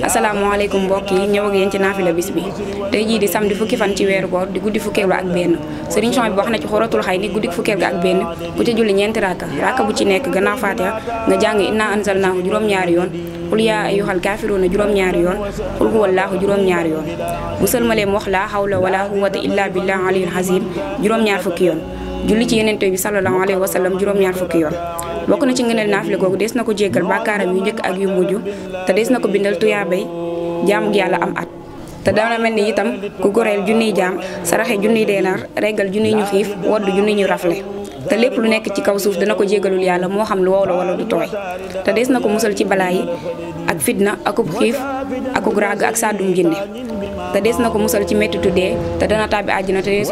asalaamaaleykum mbokk yi ñëw ak yéen ci naafila bis bi tey jii di samedi fukki fan ci weeru koor di guddi fukkeel ga ak benn sëriñ son bi wax na ci xoratul xay ni guddi fukkeel ga ak benn ku ci julli ñeenti raaka raaka bu ci nekk gannaaw faatiha nga jàng inna anzalnaahu juróom-ñaari yoon xul yaa ayyuhal kaafiruuna juróom-ñaari yoon xul huwallaahu juróom-ñaari yoon bu sëlmalee mu wax laa xaw la quwwata illa billah aliyul azim juróom-ñaar fukki yoon julli ci yenente bi sallallahu alayhi wa sallam juróom-ñaar fukki yoon bokk na ci ngëneel naafile googu des na ko jéggal bàkkaaram yu njëkk ak yu mujj te des na ko bindal tuyaabay jaamug yàlla am at te dana mel ni itam ku goreel junniy jaam saraxe junniy deenaar reggal junniy ñu xiif wodd junniy ñu rafle te lépp lu nekk ci kaw suuf dana ko jégalul yàlla moo xam lu wow la wala du tooy te des na ko musal ci balaa yi ak fitna akub xiif akub ràgg ak sàddum jinne te des na ko musal ci mettitu dee te dana tàbbi àjjana te dees